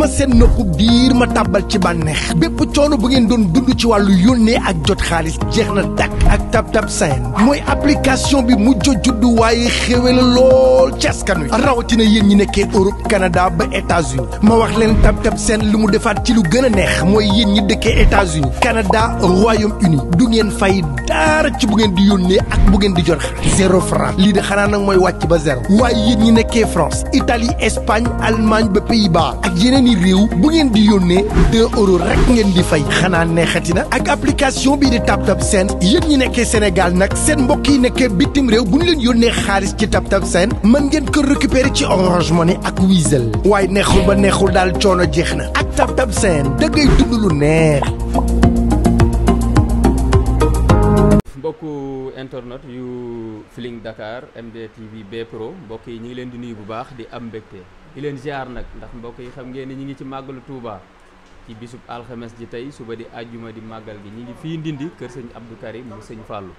ma seen nopp biir ma tàbbal ci bànneex bépp coono bu ngeen doon dund ci wàllu yónnee ak jot xaalis jeex na dàkk ak Tab Tab Send mooy application bi mujj juddu waaye xéwé la lool ci askan wi rawatina yéen ñi nekkee Europe Canada ba États-Unis ma wax leen Tab Tab Send lu mu defaat ci lu gën a neex mooy yéen ñi dëkkee États-Unis Canada Royaume-Uni du ngeen fay dara ci bu ngeen di yónnee ak bu ngeen di jot xaalis zéro franc lii de xanaa nag mooy wàcc ba zéro waaye yéen ñi nekkee France Italie Espagne Allemagne ba Pays-Bas ak réew bu ngeen di yónnee deux euros rek ngeen di fay xanaa neexati na ak application bii di TapTap Send yéen ñi nekkee Sénégal nag seen mbokk yi nekkee bitim réew bu ñu leen yónnee xaalis ci TapTap Send man ngeen kër récupérer ci Orange Money ak Wizall waaye neexul ba neexul daal coono jeex na ak TapTap Send da ngay dund lu neex. mbokku internet yu Feeling B Pro yi ñu leen di nuyu bu baax di am di leen ziar nag ndax mbokk yi xam ngeen ni ñi ngi ci màggalu Touba ci bisub alxames ji tey suba di àjjuma di màggal gi ñi ngi fii ndindi kër sëñ Abdou Karim mu sëñ Fallou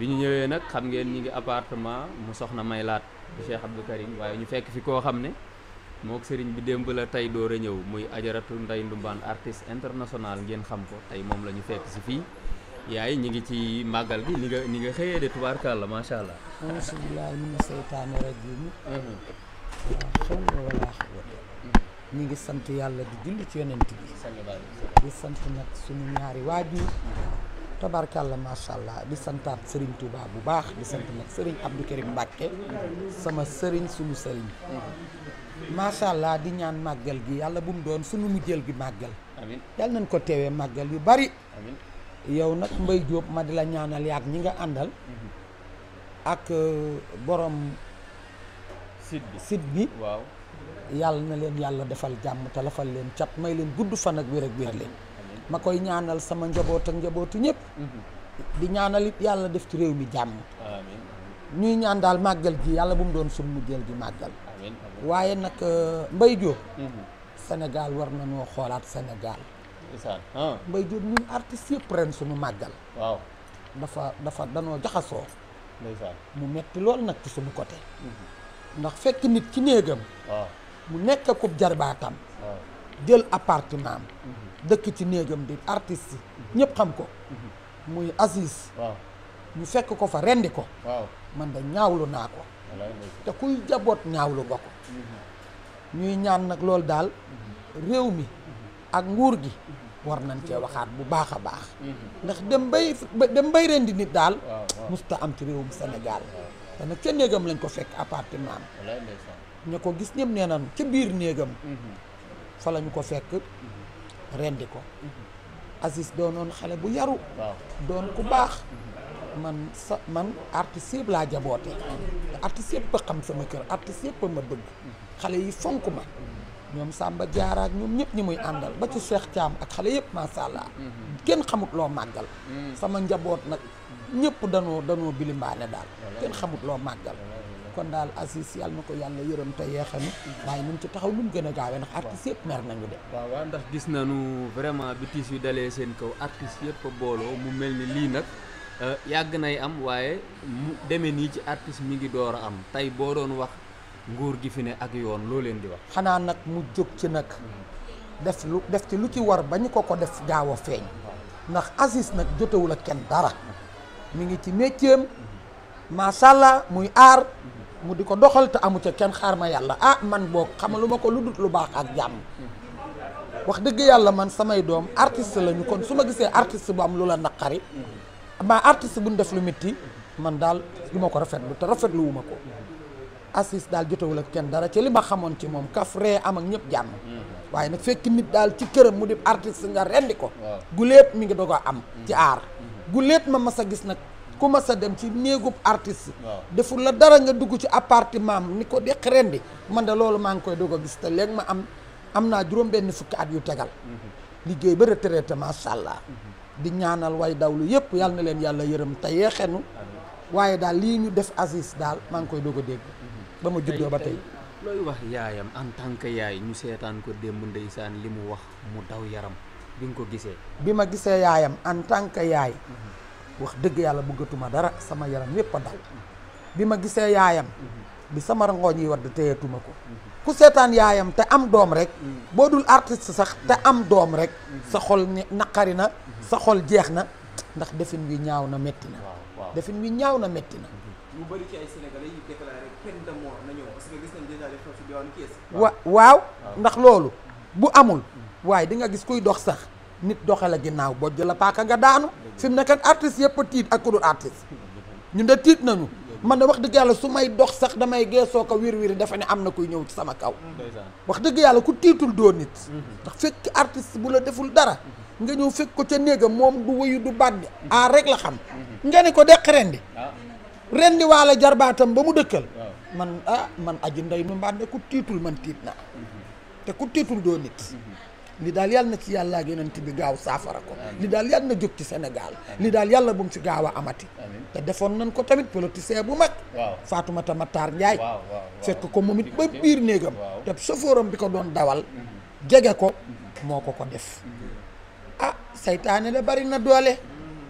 bi ñu ñëwee nag xam ngeen ñi ngi appartement mu soxna may laat bu Cheikh Abdou Karim waaye ñu fekk fi koo xam ne moo sëriñ bi démb la tey door a ñëw muy ajaratu Ndey Ndumbaan artiste international ngeen xam ko tey moom la ñu fekk si fii yaay ñi ngi ci màggal gi ni nga ni nga xëyee de tubaarkàlla macha xawla wala xawla ñu ngi sant yàlla di julli ci yonent bi di sant nag suñu ñaari waajur tabarkàlla macha allah di santaat Serigne Touba bu baax di sant nag Serigne Abdou Karim Mbacke sama Serigne suñu Serigne macha allah di ñaan màggal gi yàlla bu mu doon suñu mujjël gi màggal yal nañ ko teewee màggal yu bari yow nag Mbaye Diop ma di la ñaanal yaag ñi nga àndal mm-hmm. ak euh, borom site bi site bi waaw yàlla na leen yàlla defal jàmm te leen cat may leen gudd fan ak wér ak wér leen ma koy ñaanal sama njaboot ak njabootu ñëpp mhm. di ñaanal yàlla def ci réew mi jàmm ñuy ñaan daal màggal gi yàlla bu mu doon suñ mujjeel gi màggal waaye nag euh, Mbaye Diop mhm. Sénégal war na noo xoolaat Sénégal ah. mbay Diop ñun artistes yëpp ren suñu màggal waaw dafa dafa danoo jaxasoo mu metti lool nag ci suñu côté mhm. ndax fekk nit ci néegam mu nekk akub jarbaatam jël appartement dëkk ci néegam di artiste yi ñëpp xam ko muy Aziz ñu fekk ko fa rendi ko man da ñaawlu naa ko te kuy jaboot ñaawlu nga ñuy ñaan nag loolu daal réew mi ak nguur gi war nañ cee waxaat bu baax a baax mm-hmm. ndax dem bay dem bay rendi nit daal musta am ci réewum Sénégal dana ca néegam lañ ko fekk appartement am ña ko gis ñëpp nee nañ ca biir néegam mhm. fa lañu ko fekk mhm. rendi ko mhm. Aziz doonoon xale bu yaru doon ku baax man sa man artiste yëpp laa jaboote artiste yëpp a xam sama kër artiste yëpp ma bëgg xale yi fonk ma ñoom sàmba Diarra ak ñoom ñëpp ñi muy àndal ba ci seex Thiam ak xale yëpp macha kenn xamut loo màggal sama njaboot nag ñëpp danoo danoo bilimbaane daal kenn xamut loo màggal kon daal Aziz yàlla na ko yàlla yërëm te yeexami waaye nun ci taxaw lu mu gën a gaawee ndax artistes yëpp mer nañu de waaw waaw ndax gis nañu vraiment bi tiis yu dalee seen kaw artistes yëpp booloo mu mel ni lii nag euh, yàgg nay am waaye mu demee nii ci artiste mi ngi door a am tey boo doon wax nguur gi fi ne ak yoon loo leen di wax xanaa nag mu jóg ci nag def lu def ci lu ci war ba ñu ko ko def gaaw a feeñ ndax nag jotewul ak kenn dara mi ngi ci métier am macha allah muy aar mu di ko doxal te amu ca kenn xaar ma yàlla ah man boog xamalu ma ko lu dut lu baax ak jàmm wax dëgg yàlla man samay doom artiste lañu kon su ma gisee artist bu am lu la naqari ma artiste bu ñu def lu métti man daal du ma ko rafetlu te rafetlu wu ma ko Aziz daal jotewul ak kenn dara ci li ma xamoon ci moom kaf ree am ak ñëpp jàmm waaye nag fekk nit daal ci këram mu di artiste nga rendi ko gu lépp mi ngi doog am ci aar gu leet ma mas a gis nag ku mas dem ci néegub artiste deful la dara nga dugg ci appartement ni ko deq ren bi man de loolu maa ngi koy doog a gis te léegi ma am am naa juróom benn fukki at yu tegal mhm. liggéey ba retraité macha allah mhm. di ñaanal way dawlu yëpp yal na leen yàlla yërëm te yeexenu waaye daal lii ñu def Aziz daal maa ngi koy doog a dégg mhm. ba ma juddoo ba tey looy wax yaayam en tant que yaay ñu seetaan ko démb ndeysaan li mu wax mu daw yaram bi nga ko gisee. bi ma gisee yaayam en tant que yaay. Mm-hmm. wax dëgg yàlla buggatuma dara sama yaram yépp a daw. bi ma gisee yaayam. Mm-hmm. bi sama rangooñ yi wadd téyatuma ko. Mm-hmm. ku seetaan yaayam te am doom rek. boo dul artiste sax te am doom rek. sa xol naqari na. sa xol jeex na ndax defin wi ñaaw na metti na. defin wi ñaaw na metti na. lu waaw ndax loolu bu amul. waaye di nga gis kuy dox sax nit doxe la ginnaaw boo jëla paaka nga daanu fi mu nekk artiste yëpp tiit ak ku dul artiste ñun de tiit nañu man de wax dëgg yàlla su may dox sax damay geesoo ko wir wir dafa ne am na kuy ñëw ci sama kaw wax dëgg yàlla ku tiitul doo nit ndax fekk artiste bu la deful dara nga ñëw fekk ko ca néegam moom du wuyu du baat bi aar rek la xam nga ne ko deq rendi rendi waala jarbaatam ba mu dëkkal man a ah, man aji ndey nu mbànde ku tiitul man tiit na mhm. te ku tiitul nit mhm. li daal yàlla na ci yàlla ak yonent bi gaaw saafara ko li daal yàlla na jóg ci senegal li daal yàlla bu mu fi gaaw a amati te defoon nañ ko tamit politicien bu mag Fatoumata Matar Ndiaye fekk ko moom it ba biir néegam te sofóoram bi ko doon dawal mm-hmm. jege ko mm-hmm. moo ko ko def mm-hmm. a ah, saytaane la bari na doole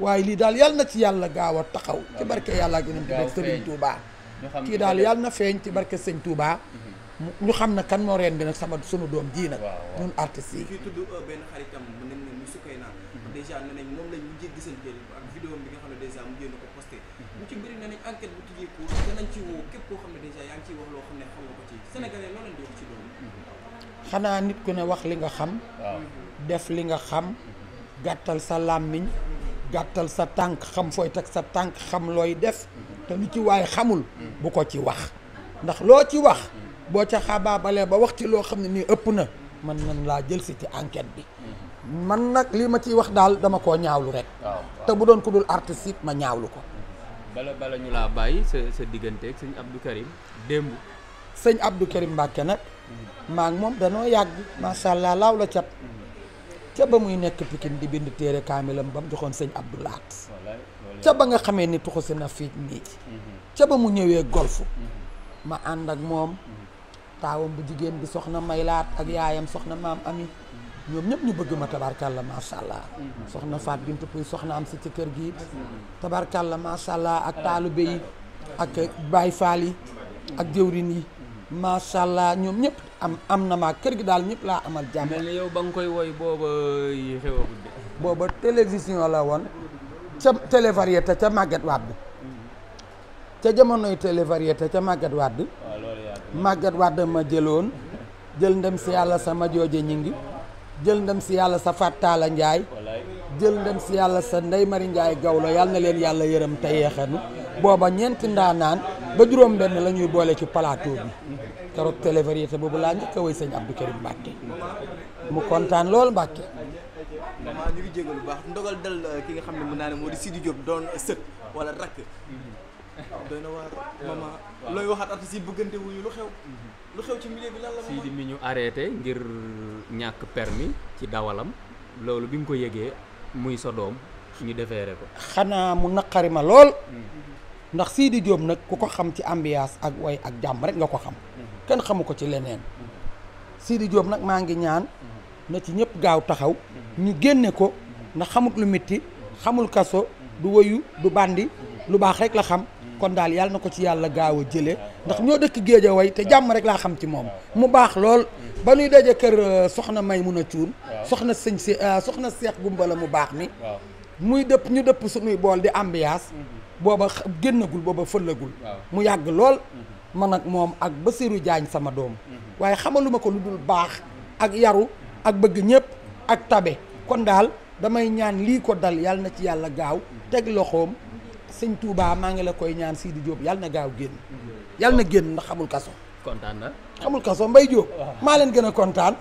waaye lii daal yàlla na ci yàlla gaaw a taxaw ci barke yàlla ak yonent bi Sëriñ Touba kii daal yàlla na feeñ ci barke Sëñ Touba ñu xam ne kan moo reen sama sunu doom ji nag. ñun artistes yi. fii tudd euh, benn xaritam mën nañ mu sukkay naan. dèjà nañ moom lañ mujjee gisante ak vidéo bi nga xam ne dèjà mu jéem ko posté. ñu mhm. ci bëri nee ci woo képp koo xam ne ko ci di wax ci loolu. xanaa nit ku ne wax li nga xam. def li nga xam. gàttal sa làmmiñ. gàttal sa tànk xam fooy teg sa tànk xam looy def. Mhm. te lu ci waay xamul. bu ko ci wax ndax loo ci wax. boo ca xabaabalee ba wax ci loo xam ne nii ëpp na man nan laa jël si ci enquête bi mm-hmm. man nag li ma ciy wax daal dama koo ñaawlu rek te bu doon ku dul artiste it ma ñaawlu ko mm-hmm. bala bala ñu laa bàyyi sa sa diggante ak sëñ Abdou Karim démb sëñ Abdou Karim Mbàkke nag mm-hmm. maa moom danoo yàgg macha allah laaw la cat ca ba muy nekk Pikine di bind téere kaamilam ba mu joxoon sëñ Abdou Laat ca ba nga xamee ni tuxu si na fii ca ba mu ñëwee golf ma ànd ak moom taawam bu jigéen bi soxna Maylaat ak yaayam soxna maam Ami ñoom ñëpp ñu bëgg ma tabarkalla macha allah. soxna Faat Bintu Puy soxna am si ci kër gi it. tabarkalla macha allah ak taalibe yi ak Baay Faal yi ak jëwrin yi. macha allah ñoom ñëpp am am na maa kër gi daal ñëpp laa amal jàmm. yow ba nga koy woy booba yi xewagul de. booba télévision la woon ca télévariété ca Maguette Wade. ca jamonoy télévariété ca Maguette bi màgget Wade ma jëloon jël ndem si yàlla sa Madiodio Ñingi jël ndem si yàlla sa Fattala Ndiaye jël ndem si yàlla sa ndey mari Ndiaye Gawlo yàlla na leen yàlla yërëm te yeexanu booba ñeenti ndaanaan ba juróom benn la boole ci plateau bi keroog télévariété boobu laa njëkk a woy sëñ Abdou Karim Mbàkke mu kontaan lool Mbàkke maa ñu ngi jégal bu baax ki nga xam ne mën naa ne moo di Sidi Diop wala doy na waar looy waxaat artistes yi bëggante wuñu lu xew lu mi ñu arrêté ngir ñàkk permis ci dawalam loolu bi nga ko yëgee muy sa doom ñu defeere ko xanaa mu naqari ma lool mm-hmm. ndax siidi Diop nag ku ko xam ci ambiance ak woy ak jàmm rek nga ko xam mm-hmm. kenn xamu ko ci leneen mm-hmm. siidi Diop nag maa ngi ñaan na ci ñëpp gaaw taxaw ñu génne ko ndax xamut lu metti xamul kaso du woyu du bandi lu baax rek la xam kon daal yàlla na ko ci yàlla gaaw a jële ndax ñoo dëkk way te jàmm rek laa xam ci moom mu baax lool ba nuy daje kër euh, soxna may mun a cuun soxna sëñ si euh, soxna seex gumbala mu baax mi muy dëpp ñu dëpp suñuy bool di ambiance mm-hmm. booba génnagul booba fëllagul mu yàgg lool mm-hmm. man ak moom ak Basiru Jaañ sama doom mm-hmm. waaye xamaluma ko lu dul baax ak yaru ak bëgg ñëpp ak tabe kon daal damay ñaan lii ko dal yàlla na ci yàlla gaaw teg loxoom sëñ Touba maa ngi la koy ñaan Sidi jóob yàlla na gaaw génn yàlla na génn ndax xamul kaso kontaan na xamul kaso Mbaye Diop maa leen gën a kontaan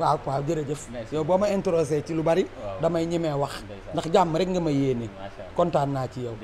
waaw waaw jërëjëf yow boo ma introsé ci lu bari damay ñemee wax ndax jàmm rek nga ma yéene kontaan naa ci yow